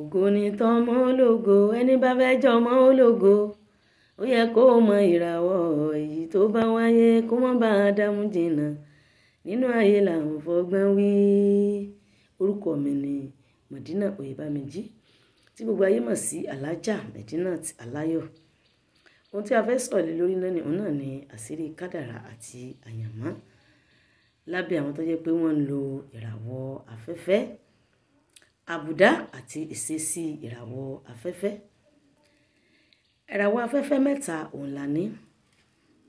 ògo ni tọmọ ológo ẹni bá fẹ́ jọmọ ológo ó yẹ kó mọ ìràwọ̀ èyí tó bá wáyé kó mọ́ bá a dámú jìnnà nínú ayé làwọn fọgbọ́n wí orúkọ mi ni Medina Oyèbáméjì tí gbogbo ayé mọ̀ sí alájà Medinat Aláyọ̀ ohun tí a fẹ́ sọ̀rọ̀ lé lórí náà ni òun náà ni àṣírí kádàrà àti àyànmọ́ lábẹ́ àwọn tó jẹ́ pé wọ́n ń lo ìràwọ̀ afẹ́fẹ́ àbùdá àti ìṣesí ìràwọ̀ afẹ́fẹ́ ìràwọ̀ afẹ́fẹ́ mẹ́ta ọ̀hún la ní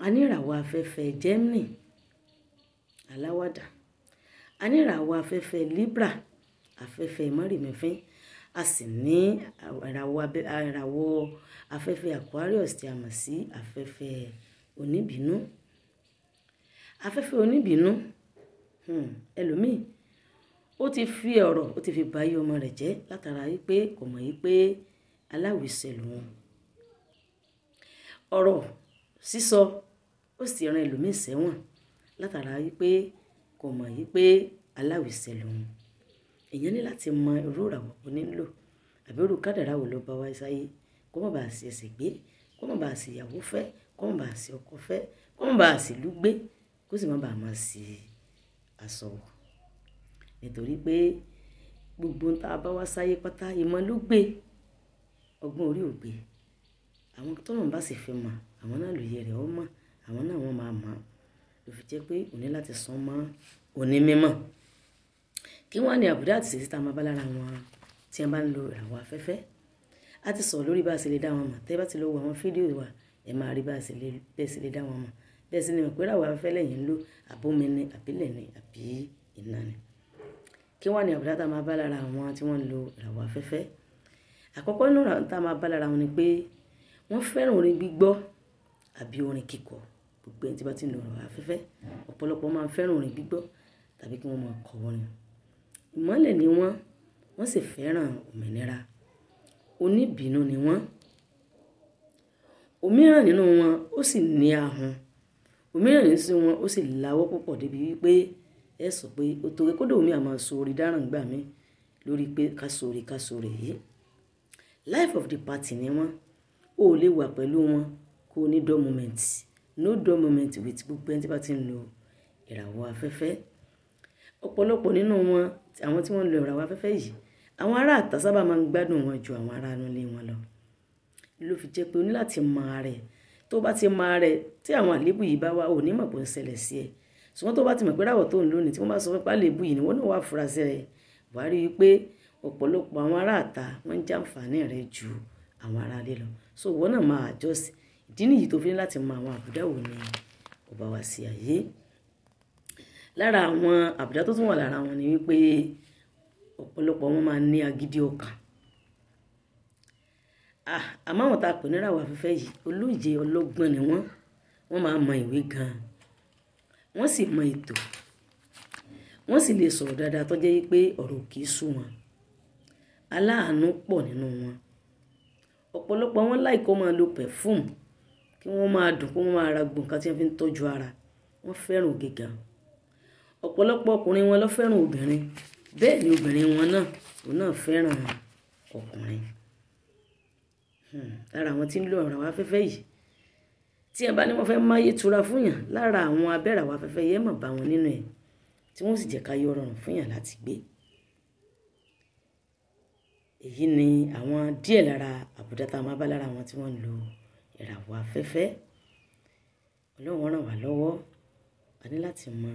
a ní ìràwọ̀ afẹ́fẹ́ Gemini aláwàdà a ní ìràwọ̀ afẹ́fẹ́ Libra afẹ́fẹ́ mọ́rìmẹ́fín a sì ní ìràwọ̀ afẹ́fẹ́ Aquarius tí a mọ̀ sí afẹ́fẹ́ oníbínú afẹ́fẹ́ oníbínú hmm, ẹlòmíì. Hmm ó ti fi ọ̀rọ̀ ó ti fi báyé ọmọ rẹ̀ jẹ́ látara wípé kò mọ̀ wípé aláwìsẹ̀ lòun ọ̀rọ̀ sísọ ó sì ran ẹlòmíì sẹ́wọ̀n látara wípé kò mọ̀ wípé aláwìsẹ̀ lòun èèyàn ní láti mọ irú ìràwọ̀ kò nílò àbí irú kádàrá wo ló bá wá sáyé kó má bàa sí ẹsẹ̀ gbé kó má bàa sí ìyàwó fẹ́ kó má bàa sí ọkọ fẹ́ kó má bàa sí ìlú gbé kó sì má bàa máa sí aṣọ nítorí pé gbogbo ń ta bá wá sáyé pátá ìmọ̀ ló gbé ọgbọ́n orí ò gbé àwọn tọ́lọ̀ bá sì fẹ́ mọ̀ àwọn náà lòye rẹ̀ ọ́ mọ̀ àwọn náà wọ́n máa mọ̀ ló fi jẹ́ pé òní láti san mọ́ òní mímọ̀ kí wọ́n á ní àbùdá àti sèṣítà máa bá lára wọn tí wọ́n bá ń lo ìràwọ̀ afẹ́fẹ́ a ti sọ̀rọ̀ lórí bá a ṣe lè dá wọn mọ̀ tẹ́ bá ti lọ wo àwọn fídíò wa ẹ máa rí bá a ṣe lè bẹ́ẹ̀ ṣe lè dá wọn mọ̀ bẹ́ẹ̀ sì ni mọ̀ pé ìràwọ̀ afẹ́fẹ́ lẹ́yìn ń lò àbómi ni àbílẹ̀ ni àbí iná kí wọ́n ní àbùdá tá a máa bá lára àwọn tí wọ́n ń lo ìràwọ̀ afẹ́fẹ́ àkọ́kọ́ náà tá a máa bá lára wọn ni pé wọ́n fẹ́ràn orin gbígbọ́ àbí orin kíkọ gbogbo ẹni tí bá ti ń lo ìràwọ̀ afẹ́fẹ́ ọ̀pọ̀lọpọ̀ máa ń fẹ́ràn orin gbígbọ́ tàbí kí wọ́n máa kọ orin ìmọ́lẹ̀ ni wọ́n wọ́n sì fẹ́ràn òmìnira oníbínú ni wọ́n òmíràn nínú wọn ó sì ní ahun òmíràn nínú wọn ó sì láwọ́ púpọ̀ débi wípé ẹ sọ pé o torí kódà omi àmọ́ sórí dáràn gbà mí lórí pé ká sórí ká sórí yìí life of the party ni wọ́n o ò lè wà pẹ̀lú wọn kó o ní dull moment no dull moment with gbogbo ẹni tí bá ti ń lo ìràwọ̀ afẹ́fẹ́ ọ̀pọ̀lọpọ̀ nínú wọn àwọn tí wọ́n ń lo ìràwọ̀ afẹ́fẹ́ yìí àwọn ará àtà sábà máa ń gbádùn wọn ju àwọn ará nílé wọn lọ ló fi jẹ́ pé o ní láti mọ ara tó bá ti mọ ara tí àwọn àléébù yìí bá wá ò ní mọ̀ pé ń ṣẹlẹ̀ sí ẹ̀ ṣùgbọ́n tó bá ti mọ̀ pé ráwọ̀ tó ń lónìí tí wọ́n bá sọ pé pálébù yìí ni wọ́n náà wà fúrasí rẹ̀ buhari wí pé ọ̀pọ̀lọpọ̀ àwọn aráàta wọ́n ń jàǹfààní rẹ̀ ju àwọn aráalé lọ so wọ́n náà máa àjọsí ìdí nìyí tó fi ní láti mọ àwọn àbùdá wo ni ọba wa sí ayé lára àwọn àbùdá tó tún wà lára wọn ni wípé ọ̀pọ̀lọpọ̀ wọn máa ní agídí ọkàn ah, àmọ́ àwọn tá a pè ní ráwọ̀ afẹ́fẹ́ yìí olóye ọlọ́gbọ́n ni wọ́n wọ́n máa mọ ìwé gan-an wọ́n sì mọ ètò wọ́n sì lè sọ̀rọ̀ dáadáa tó jẹ́ pé ọ̀rọ̀ kì í sú wọn aláàánú pọ̀ nínú wọn ọ̀pọ̀lọpọ̀ wọn láì kó máa lo pẹ̀fúm kí wọ́n máa dùn kó wọ́n máa ra gbọ̀n kan tí wọ́n fi ń tọ́jú ara wọ́n fẹ́ràn òge gan ọ̀pọ̀lọpọ̀ ọkùnrin wọn ló fẹ́ràn obìnrin bẹ́ẹ̀ ni obìnrin wọn náà òun náà fẹ́ràn ọkùnrin hmm, lára àwọn tí ń lo ọ̀rọ̀ afẹ́fẹ́ yìí tí ẹ bá ní wọ́n fẹ́ máyé tura fúnyàn lára àwọn abẹ́ràwọ̀ afẹ́fẹ́ yẹn mọ̀ bá wọn nínú ẹ̀ tí wọ́n sì jẹ́ ká yọ rọrùn fúnyàn láti gbé èyí ni àwọn díẹ̀ lára àbùdá tá a máa bá lára àwọn tí wọ́n ń lo ìràwọ̀ afẹ́fẹ́ ọlọ́run ràn wá lọ́wọ́ a ní láti mọ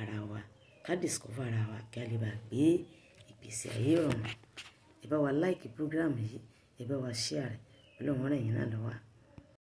ara wa ká discover ara wa kí a lè bá gbé ìgbésí ayé rọrùn ẹ bá wa like program yìí ẹ bá wa share ọlọ́run ràn yín náà lọ́wọ́